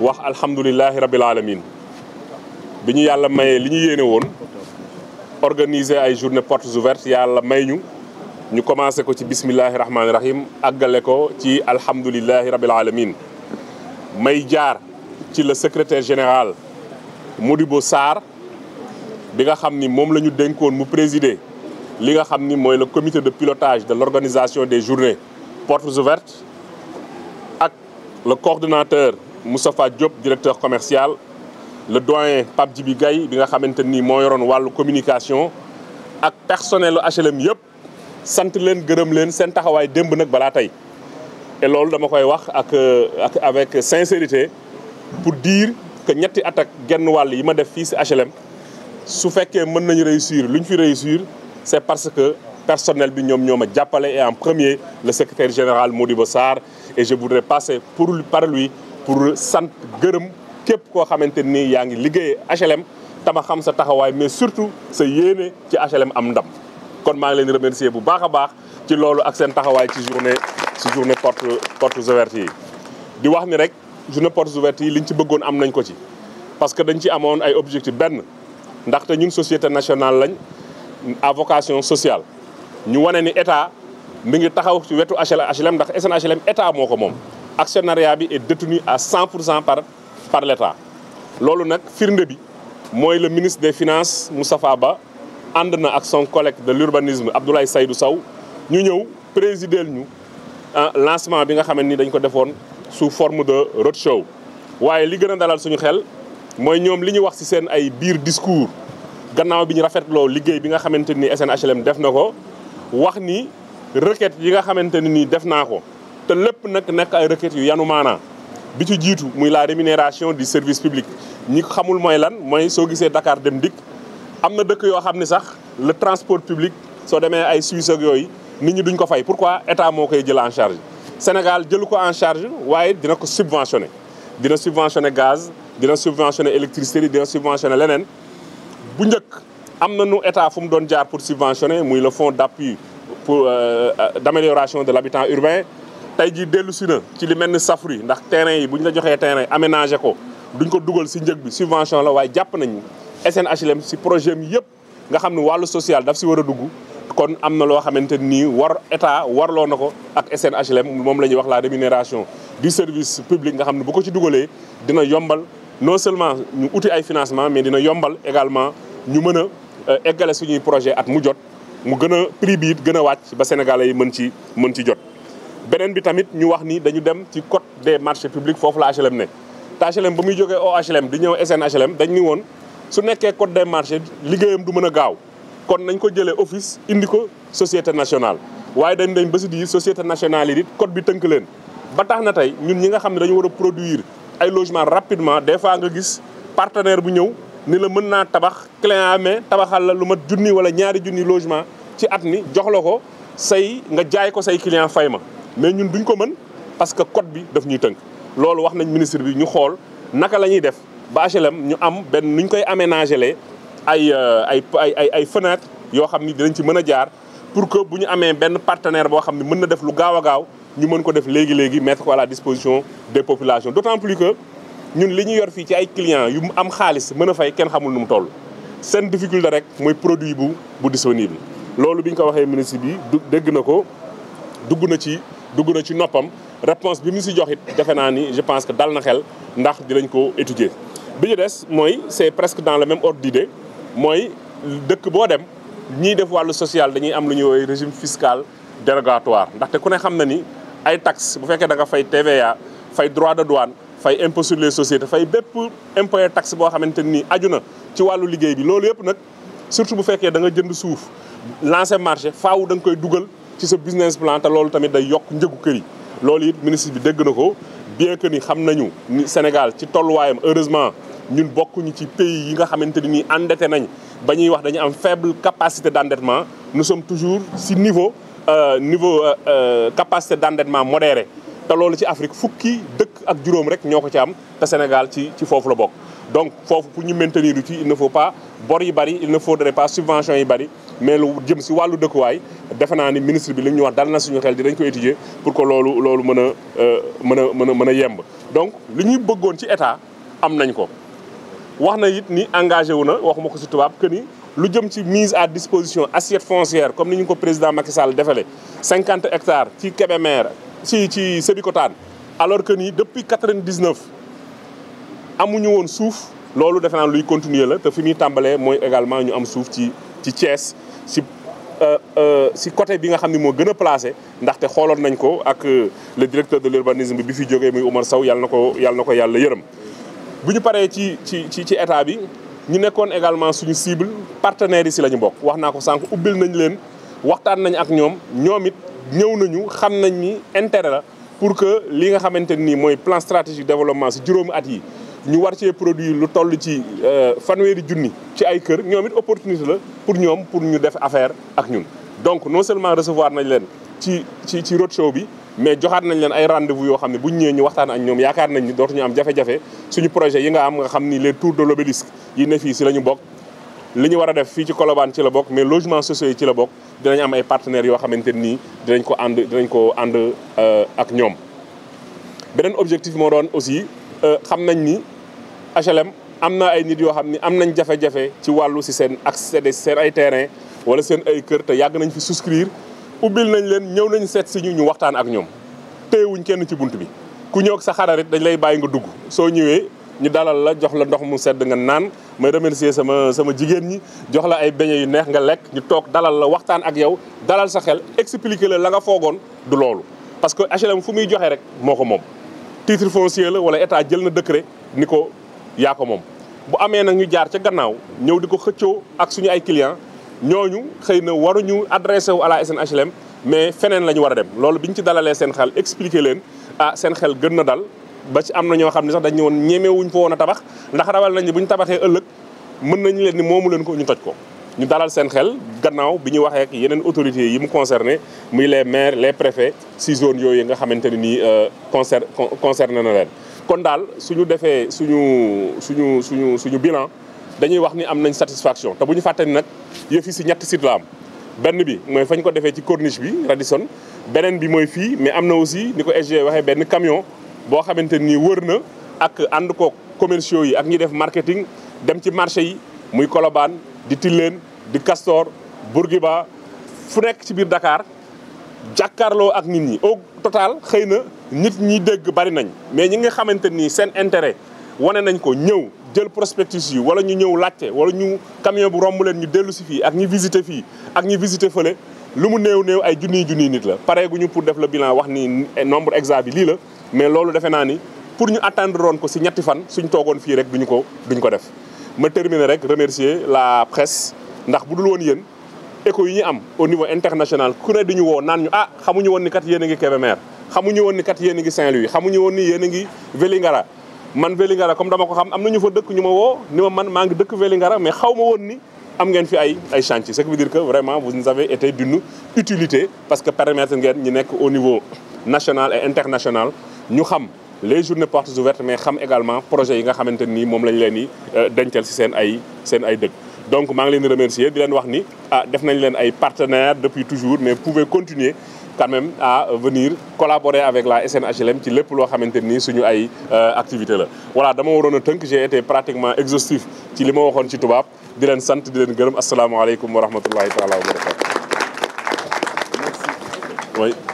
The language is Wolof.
wax alhamdulilahi rabil alamin bi ñu yàlla mayee li ñu yéene woon organiser ay journée portes ouvertes yàlla may ñu ñu commencé ko ci bismillahi rahmaani rahim àggale ko ci alhamdulilahi rabil alamin may jaar ci le secretaire général mu di bo Sarr bi nga xam ni moom la ñu dénkoon mu présider li nga xam ni mooy le comité de pilotage de l'organisation des journées portes ouvertes ak le coordinateur Moustapha Diop directeur commercial le doyen Pape Djibi Gaye bi nga xamante ni moo yoroon wàllu communication ak personnel HLM yëpp sant leen gërëm leen seen taxawaay démb nag balaa tey et loolu dama koy wax ak euh, ak avec sincérité pour dire que ñetti at ak genn wàll yi ma def fii si HLM su fekkee mën nañu réussir lu ñu fi réussir c'est parce que personnel bi ñoom ñoo ma jàppale et en premier le secretaire général Modibo Sarr et je voudrais passer pour par lui pour sant gërëm képp koo xamante ni yaa ngi liggéeyee HLM tama xam sa taxawaay mais surtout sa yéene ci HLM am ndam kon maa ngi leen remercier bu baax a baax ci loolu ak seen taxawaay ci journée ci journée porte portes yi di wax ni rek journée portes ouvertes yi liñ ci bëggoon am nañ ko ci parce que dañ ci amoon ay objectif benn ndaxte ñun société nationale lañ à vocation sociale ñu wane ni état mi ngi taxaw ci wetu HLM HLM ndax SN HLM état moo ko moom actionnariat bi est détenu à 100 pour cent par par l'État loolu nag firnde bi mooy le ministre des finance Moustapha Ba ànd na ak son collègue de l'urbanisme Abdoulaye Seydou saw ñu ñëw présider ñu ah, lancement bi nga xamante ni dañ ko defoon sous forme de roadshow waaye li gën a dalal suñu xel mooy ñoom li ñu wax ci seen ay biir discours gannaaw bi ñu rafetloo liggéey bi nga xamante ni SNHLM def na ko wax ni requête yi nga xamante ne nii def naa ko te lépp nag nekk ay requêtes yu yanu maanaa bi ci jiitu muy la rémunération du service public ñi xamul mooy lan mooy soo gisee Dakar dem dikk am na dëkk yoo xam ne sax le transport public soo demee ay Suisse yooyu nit ñi duñ ko fay pourquoi état moo koy jël en charge Sénégal jëlu ko en charge waaye dina ko subventionné dina subventionné gaz dina subventionné électricité dina subventionné leneen bu njëkk am na nu état fu mu doon jaar pour subventionner muy le fonds d' appui pour euh, euh, d' amélioration de l' habitat urbain tey jii dellu si na ci li mel ni safru yi ndax terrain yi bu ñu la joxee terrain aménagé ko duñ ko dugal si njëg bi subvention la waaye jàpp nañu SNHLM si projet mi yëpp nga xam ne wàllu social daf si war a dugg kon am na loo xamante nii war état warloo na ko ak SNHLM moom la ñuy wax la rémunération du service public nga xam ne bu ko ci dugalee dina yombal non seulement ñu uti ay financement mais dina yombal également ñu mën a euh, eggale suñuy projet at mu jot mu gën a prix bi gën a wàcc ba sénégalais yi mën ci mën ci jot beneen bi tamit ñu wax ni dañu dem ci code des marchés publics foofu la HLM ne te HLM ba muy jogee OHLM di ñëw SNHLM dañ ni woon su nekkee code des marchés liggéeyam du mën a gaaw kon nañ ko jëlee office indi ko société nationale waaye dañ dañ ba si di société nationale yi it code bi tënk leen ba tax na tey ñun ñi nga xam ne dañu war a produire ay logement rapidement des fois nga gis partenaire bu ñëw ni la mën naa tabax client amee tabaxal la lu mat junni wala ñaari junni logement ci at mi jox la ko say nga jaay ko say client fay ma mais ñun duñ ko mën parce que code bi daf ñuy tënk loolu wax nañ ministre bi ñu xool naka la ñuy def ba HLM ñu am benn nu ñu koy aménager euh, ay ay ay ay fenêtre yoo xam ni dinañ ci mën a jaar pour que bu ñu amee benn partenaire boo xam ne mën na def lu gaaw a gaaw ñu mën ko def léegi léegi mettre ko la disposition des populations d'autant plus que ñun li ñu yor fii ci ay clients yu am xaalis mën a fay kenn xamul nu mu toll. seen difficulté rek mooy produit bu bu disponible loolu bi ko waxee ministre bi dégg na ko dugg na ci. dugg na ci noppam réponse bi mu si joxit defe naa ni je pense que dal na xel ndax di dinañ ko étudier. bi ñu des mooy c'est presque dans le même ordre d'idée mooy dëkk boo dem ñiy def wàllu social dañuy am lu ñuy woowee régime fiscal dérogatoire ndaxte ku ne xam na ni ay taxes bu fekkee da nga fay TVA fay droit de douane. fay impôt les sociétés fay bépp impôt taxe boo xamante ni aju na ci wàllu liggéey bi loolu yëpp nag surtout bu fekkee da nga jënd suuf lancer marché faaw da nga koy dugal ci sa business plan te loolu tamit day yokk njëgu kër loolu it ministre bi dégg na ko bien que ni xam nañu ni Sénégal ci tolluwaayam heureusement ñun bokkuñu ci pays yi nga xamante ni nii endetté nañ ba ñuy wax dañu am faible capacité d'endettement nous sommes toujours si niveau euh, niveau euh, euh, capacité d'endettement modéré te loolu ci Afrique fukki dëkk ak juróom rek ñoo ko ci am te Sénégal ci ci foofu la bokk donc foofu pour ñu maintenir ci il ne faut pas bor yi bëri il ne faudrait pas subvention yi bari mais lu jëm si wàllu dëkkuwaay defe naa ni ministre bi li mu ñu wax dal na suñu xel dinañ ko étudier pour que loolu loolu mën a euh, mën a mën mën a yemb. donc li ñuy bëggoon ci état am nañ ko wax na it ni engagé wu na waxuma ko si tubaab que ni lu jëm ci mise à disposition assiette foncière comme ni ñu ko président Macky Sall defale 50 hectares ci Kébémer ci ci Sébikotane alor que ni depuis 99. amuñu woon suuf loolu defe naa luy continuer la te fi muy tàmbalee mooy également ñu am suuf ci ci Thiès si si euh, euh, côté bi nga xam ne moo gën a placé ndaxte xooloon nañ ko ak euh, le directeur de l'urbanisme bi bi fi jógee muy Oumar saw yàlla na ko yàlla ko yàlla yërëm bu ñu paree ci ci ci ci état bi ñu nekkoon également suñu cible partenaire yi si lañu bokk wax naa ko sànq ubbil nañ leen waxtaan nañ ak ñoom ñoom it ñëw nañu xam nañ ni intérêt la pour que li nga xamante nii mooy plan stratégique développement si juróomi at yi ñu war cee produit lu toll ci euh, fanweeri junni ci ay kër ñoom it opportunité la pour ñoom pour ñu def affaire ak ñun. donc non seulement recevoir nañ leen ci ci ci roadshow bi mais joxaat nañ leen ay rendez yoo xam ne buñ ñu ñëwee ñu waxtaan ak ñoom yaakaar nañ ni ñu am jafe-jafe suñu projet yi nga am nga xam ni les tours de l'obélisque yi ne fii si la ñu bokk. li ñu war def fii ci Colobane ci la bokk mais logements sociaux yi ci la bokk dinañ am ay partenaires yoo xamante nii dinañ ko ànd dinañ ko ànd euh, ak ñoom beneen objectif moo doon aussi. Euh, xam nañ ni HLM am na ay nit yoo xam ni am nañ jafe-jafe ci wàllu si seen accès ay terrain wala seen ay kër te yàgg nañ fi souscrire ubbil nañ leen ñëw nañ seet si ñu ñu waxtaan ak ñoom téyewuñ kenn ci bunt bi ku ñëw sa xararit dañ lay bàyyi nga dugg soo ñëwee ñu dalal la jox la ndox mu sedd nga naan may remercier sama sama jigéen ñi jox la ay beñe yu neex nga lekk ñu toog dalal la waxtaan ak yow dalal sa xel expliquer la la nga foogoon du loolu parce que HLM fu muy joxe rek moo ko moom titre foncier la wala état jël na décret ni ko yaa ko moom. bu amee nag ñu jaar ca gannaaw ñëw di ko xëccoo ak suñu ay clients ñooñu xëy na waruñu adressé wu à la SNHLM mais feneen la ñu war a dem loolu bi ñu ci dalalee seen xel expliqué leen ah seen xel gën na dal ba ci am na ñoo xam ne sax dañu woon ñemewuñ fa woon a tabax ndax rawal nañ bu ñu tabaxee ëllëg mën nañu leen ni moomu leen ko ñu toj ko. ñu dalal seen xel gannaaw bi ñu waxee yeneen autorités yi mu concerné muy les maires les préfets si zone yooyu nga xamante ne nii euh, concer concerné na leen. kon daal suñu defee suñu suñu suñu suñu bilan dañuy wax ni am nañ satisfaction te bu ñu fàtte nag yëfi si ñetti site la am benn bi mooy fa ñu ko defee ci corniche bi Radisson beneen bi mooy fii mais am na aussi ni ko SG waxee benn camion boo xamante nii wër na ak ànd ko commerciaux yi ak ñi def marketing dem ci marché yi muy Colobane di Tilène di Castor Bourguiba fu nekk ci biir dakaar jàkkaarloo ak nit ñi au total xëy na nit ñi dégg bari nañ mais ñi nga xamante nii seen intérêt wane nañ ko ñëw jël prospectus yi wala ñu ñëw laajte wala ñu camion bu romb leen ñu dellu si fii ak ñu visiter fii ak ñi visité fële lu mu néew néew ay junniy junniy nit la pareeguñu pour def la bilan wax ni nombre exact bi lii la mais loolu defe naa ni pour ñu attendre roon ko si ñetti fan suñ toogoon fii rek duñu ko duñ ko def ma terminer rek remercier la presse ndax bu dul woon yéen écho yi ñu am au niveau international ku ne ñu woo naan ñu ah xamuñu woon ni kat yéen a ngi Kébémer xamuñu woon ni kat yéen ngi Saint-Louis xamuñu woon ni yéen a ngi Vélingara man Vélingara comme dama ko xam am na ñu fa dëkk ñu ma woo ni ma man maa ngi dëkk Vélingara mais xaw ma woon ni am ngeen fi ay ay ce qui veut dire que vraiment vous nous avez été d'une utilité parce que permettre ngeen ñu nekk au niveau national et international ñu xam les journées portes ouvertes mais xam également projet yi nga xamante nii moom lañ leen di euh, si seen ay seen ay dëkk donc maa ngi leen di remercier di leen wax ni ah def nañ leen ay partenaires depuis toujours mais pouvez continuer quand même à venir collaborer avec la SNHLM ci lépp loo xamante nii suñu ay euh, activité la voilà dama waroon a tënk j'ai été pratiquement exhaustif ci li ma waxoon ci tubaab di leen sant di leen gërëm asalaamaaleykum wa rahmatullahi taala wa barakatu